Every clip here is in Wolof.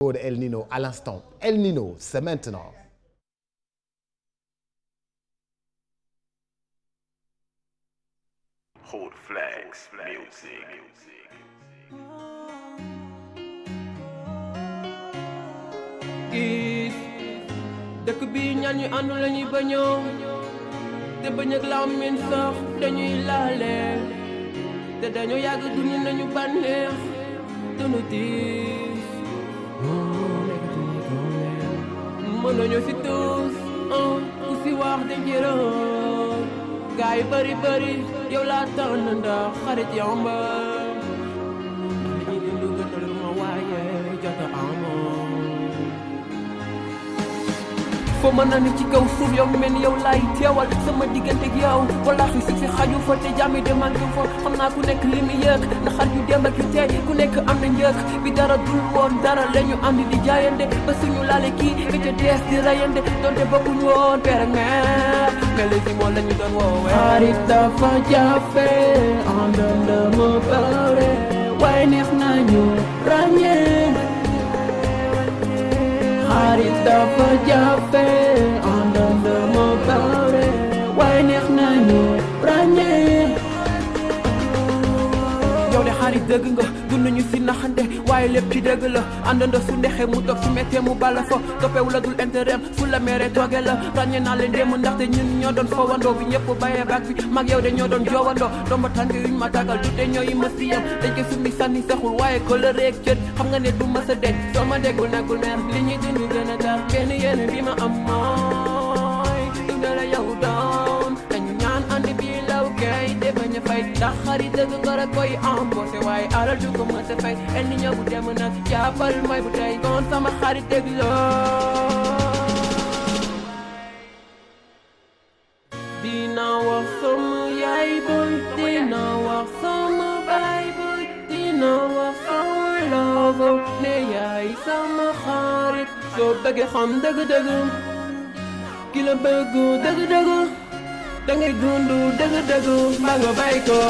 de El Nino à l'instant. gis dëkk bi ñaan ñu àndu la ñuy bañoo te bañ ak làmmiñ sax dañuy laale te dañoo yàgg dund nañu bànneex te tiir mën nañu si tuus ah si wax de njëriñ gaa bëri bëri yow laa tànn ndax xarit yomb foo mën a ne ci kaw suuf yow men yow laay teewal sama diggante ak yow walaaxi si si xaju fa te jàmmi demanque fa xam naa ku nekk li mu yëg naxar yu dem ak yu tey ku nekk am na njëkk bi dara dul woon dara la ñu ànd di jaayande ba suñu laale kii dees di rayande donte bokkuñ woon père mère mais léegi moom la doon woowee xarit dafa jafe àndanda ma bare waaye neex nañu ràññee xarit dafa jafe xarit dëgg nga dund ñu si naxante waaye lépp ci dëgg la àndandoo su ndexee mu toog su mettee mu bala fa toppewu la fu la mere tooge la ràññee naa leen démb ndaxte ñun ñoo doon fowandoo bi ñëpp bàyyee baag bi mag yow de ñoo doon joowandoo domba tànk yuñ ma tàggal du te ñooy ma si dañ ko summi sànni saxul waaye ko la xam nga ne du ma sa deej soo ma déggul nekkul neex li ñuy dund bari dëgg kër ak koy embauché waaye alal du ko mën a fay el niño bu dem nag jàppal may bu tey kon sama xarit dëgg loo dina wax sama yaay boy dina wax sama baay boy dina wax sama loobo ne yaay sama xarit soo bëggee xam dëgg-dëgg ki la bëgg dëgg-dëgg dangay dundu dëgg-dëgg mbaa nga bay ko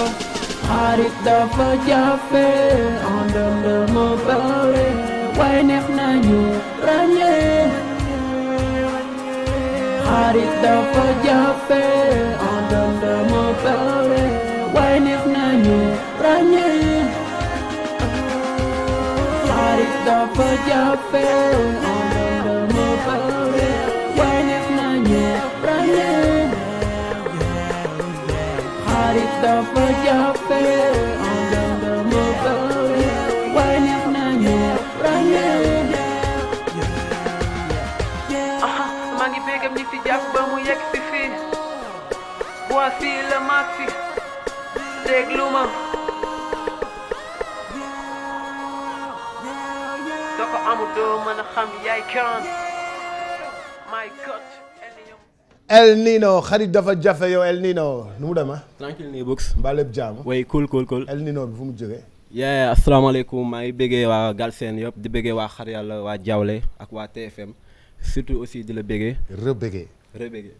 xarit dafa jafe on dëndëm bëre waaye neex nañu ràññee xarit dafa jafe on dëndëm bëre waaye neex nañu ràññee xarit dafa jafe dafa jàppe on danda mo bawre waaye neex nañu maa ngi bégam ñi fi jàpp ba mu yegg si fii voici le maxi déglu ma soo ko amul doo mën xam yaay kan my God El Nino xarit dafa jafe yow El Nino nu mu dema ah? tranquille nii box. mbaa lépp jaamu. way cool cool cool. El Nino bi fu mu jógee. yaa asalaamaaleykum maa ngi bëggee waa Galsen yëpp di bëggee waa Xar Yàlla waa jaawle ak waa TFM surtout aussi di la bëggee. rebëggee. rebëggee.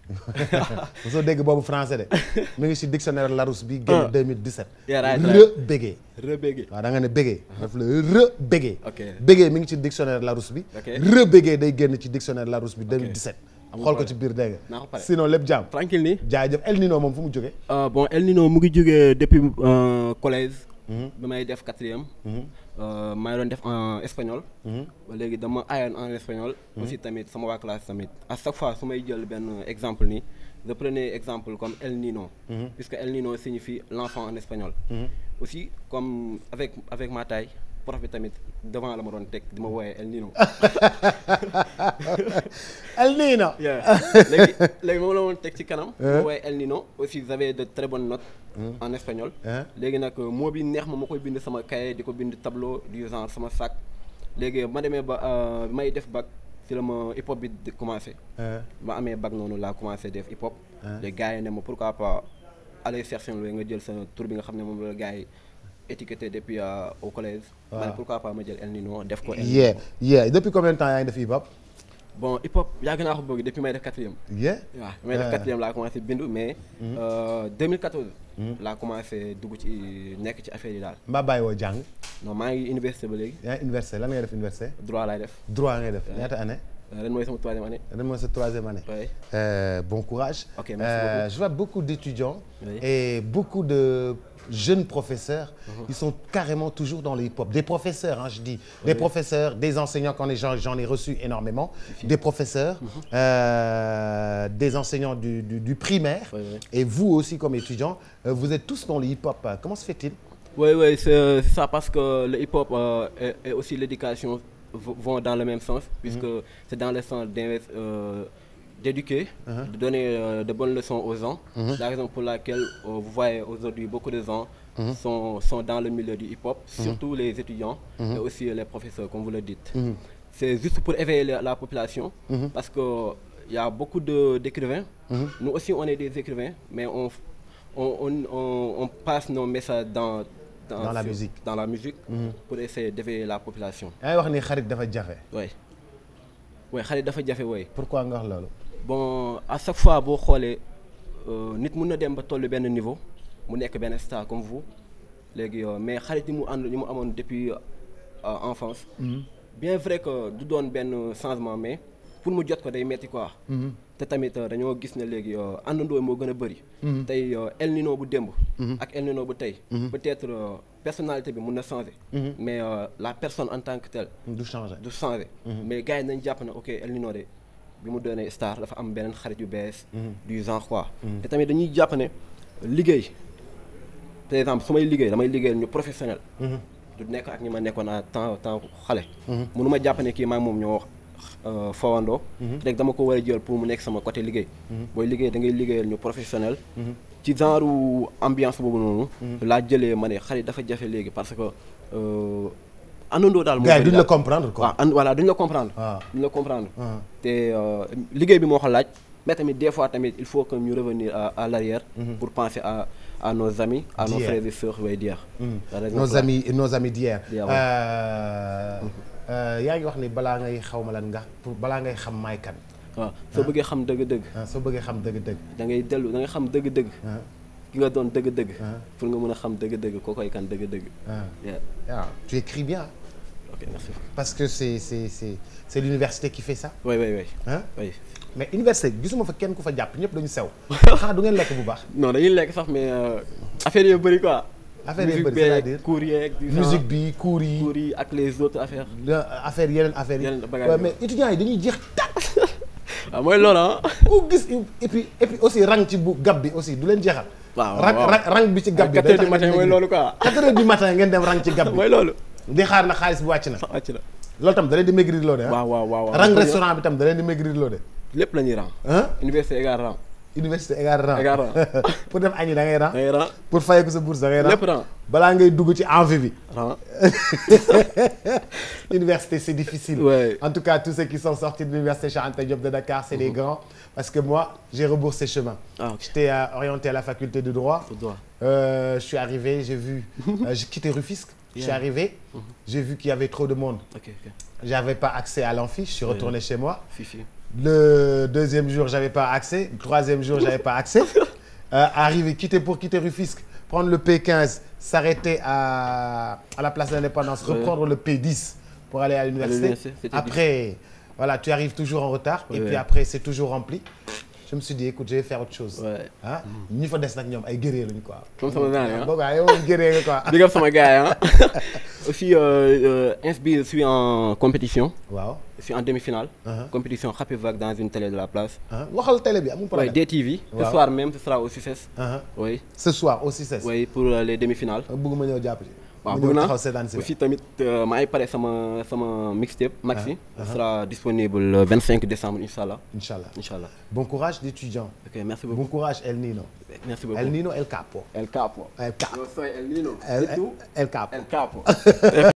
mosoo dégg boobu français de mu ngi si dictionnaire Larousse bi génn 2017. yaa raay rebëggee. rebëggee waaw da nga ne bëggee. daf la rebëggee. ok bëggee mi ngi ci dictionnaire Larousse bi. ok rebëggee day génn ci dictionnaire Larousse bi xool ko ci biir dégg nga sinon lépp jaam tranquille ni jaajëf El Nino moom fu mu jógee euh, bon El Nino mu ngi jógee depuis euh, collège mhm. bi may def quatrième mhm. euh, maa ngi doon def en espagnol mhm. ba léegi dama aayoon en espagnol aussi tamit sama waa classe tamit à chaque fois su may jël benn exemple nii je exemple comme El Nino puisque El Nino signifie l'enfant en espagnol aussi comme avec avec prof bi tamit devant la ma doon teg di ma wooyee El Nino. El Nino. léegi léegi moom la ma teg ci kanam. Uh-huh. ma wooyee El Nino aussi vous de très bonnes uh-huh. en espagnol. Uh-huh. léegi nag euh, moo bi neex ma ma koy bind sama cahier di ko bind tableau du genre sama sac léegi ma demee ba euh, may def bac ci la ma hip hop bi di commencé. ma amee bac noonu laa commencé def hip hop. léegi gars yi ne ma pour pourquoi pas aller chercher nga jël sa tour bi nga xam ne moom la gars yi. étiqueté depuis euh, au collège. man pourquoi pas ma jël El Nino def ko. El Nino yeah depuis combien de temps yaa ngi def hip hop. bon hip hop yàgg naa ko bëgg depuis may def quatrième. yeah waaw may def ah. quatrième laa commencé bindu mais. Mm-hmm. Euh, mm-hmm. laa commencé dugg ci nekk ci affaire yi daal. mbaa bàyyiwoo jàng. non maa ngi université ba léegi. yaa ngi université lan ngay def université. droit laay def. droit ngay def ñaata année. Euh, sama troisième année. ren mooy troisième année. bon courage. de. jeunes professeurs, mm -hmm. ils carrément toujours dans le hip-hop. Des professeurs, hein, je dis. Oui. Des professeurs, des enseignants, quand j'en ai énormément. Des professeurs, mhm. euh, des enseignants du, du, du primaire. Et vous aussi, comme étudiants, euh, vous êtes tous dans le hip-hop. Euh, comment se fait-il Oui, parce que le hip-hop euh, et, et, l'éducation vont dans le même sens, puisque mm -hmm. c'est dans le sens d'éduquer, uh -huh. de donner euh, de bonnes leçons aux gens. Uh-huh. La raison pour laquelle euh, vous voyez aujourd'hui beaucoup de gens uh-huh. sont, dans le milieu du hip-hop, uh-huh. surtout les étudiants et aussi les professeurs, comme vous le dites. C'est juste pour éveiller la, la population, parce que euh, y a beaucoup d'écrivains. Nous aussi, on est des écrivains, mais on, on, on, on, on passe nos messages dans la musique. dans la musique pour essayer d'éveiller la population. a ngi wax ni xarit dafa jafe. oui oui xarit dafa jafe oui. pourquoi nga bon à chaque fois boo xoolee euh, nit mun na dem ba tollu benn niveau mu nekk benn star comme vous léegi euh, mais xarit yi mu ànd ñu mu amoon depuis euh, enfance. Mm-hmm. bien vrai que du doon benn changement mais pour mu jot ko day metti quoi. Mm-hmm. te tamit dañoo gis ne léegi àndandoo moo gën a bëri. Mm-hmm. tey El Nino bu démb. ak El Nino bu tey. peut-être personnalité bi mun na changer. mais la personne en tant que telle. du changer du changer. mais gars yi nañ jàpp na ok El Nino de. bi mu doonee star dafa am beneen xarit yu bees. Mhm. du genre quoi. Mhm. te tamit dañuy jàpp ne liggéey par exemple su may liggéey damay liggéeyal ñu professionnel. Mhm. du nekk ak ñi ma nekkoon à temps temps xale. mënu ma jàpp ne kii maa moom ñoo euh, fowandoo. rek dama ko war a jël pour mu nekk sama coté liggéey. booy liggéey da ngay liggéeyal ñu professionnel. ci genre ambiance boobu noonu. laa jële ma ne xarit dafa jafe léegi parce que. Euh, àndandoo daal. gars yi duñ comprendre quoi waaw voilà duñ la comprendre. Ah. duñ la comprendre. Ah. te euh, liggéey bi moo ko laaj. mais tamit des fois tamit il faut que ñu revenir à l'arrière mhm. pour penser à à nos amis à nos frères et sœurs way d'hier mhm. nos amis nos amis euh, euh, yaa ngi wax ni balaa ngay xaw ma lan nga pour balaa ngay xam maay kan waaw soo ah. bëggee xam dëgg-dëgg soo bëggee xam dëgg-dëgg da ngay dellu da ngay xam dëgg-dëgg ki nga doon dëgg-dëgg pour nga mën a xam dëgg-dëgg koo koy kan parce que c'est c'est c'est c'est l'université qui fait ça. oui oui oui. ah oui. mais université gisuma fa kenn ku fa jàpp ñëpp dañu sew. xanaa du ngeen bu baax. non dañuy lekk sax mais euh, affaire yu bëri quoi. musique bi cours yi ak les autres affaires. affaire yeneen affaires yi. yeneen mais étudiants yi dañuy jeex tàkk. waaw ah, mooy loolu ah. ku gis et puis aussi rang ci bu gab bi aussi du leen jeexal. waaw rang rang bi ci gab bi. day tax 4 heures du matin mooy loolu quoi. 4 heures du matin ngeen dem rang ci gab bi loolu. di xaar na xaalis bu wàcc na wàcc na loolu tam da leen di loo de ah. waaw waaw waaw rang restaurant bi tam da leen di maigrir loo de lépp la ñuy rang université égal rang université égal rang pour def añi da sa bourse da ngay rang balaa ngay dugg ci envie bi rang université c'est difficile en tout cas tous ceux qui sont sortis de l'université Cheikh Anta de Dakar c'est mm grands parce que moi j'ai reboursé chemin ah, okay. j'étais euh, orienté à la faculté de droit, de droit. Euh, je suis arrivé j'ai vu euh, Je suis arrivé, mhm. j'ai vu qu'il y avait trop de monde. Okay, okay. J'avais pas accès à l'amphi, je suis retourné chez moi. Fifi. Le deuxième jour, j'avais pas accès. Le troisième jour, j'avais pas accès. Euh, arriver, quitter pour quitter Rufisque, prendre le P15, s'arrêter à, à la place de l'indépendance, reprendre le P10 pour aller à l'université. Après, voilà, tu arrives toujours en retard et puis après, c'est toujours rempli. je me suis dit écoute je vais faire autre chose. ah ñi fa des nag ñoom ay guerrier lañu quoi. comme sama gars ah boobu ah yow guerrier nga quoi. big up sama gars ah. Euh, euh, bi je suis en compétition. waaw je suis en demi-finale. Uh-huh. compétition Happy Vague dans une télé de la place. Uh-huh. waxal télé bi amul problème. oui DTV. ce soir même ce sera au CICES. E uh-huh. oui ce soir e euh, les demi-finales. waaw bëgg naa aussi tamit euh, maa ngi pare sama sama mixtape maxi ah, ah, ah. sera disponible le 25 décembre incha allah. incha allah incha allah bon courage d'étudiant. ok merci beaucoup bon courage El Nino. merci beaucoup El Nino El Capo. El Capo El Capo. El Capo. El Capo.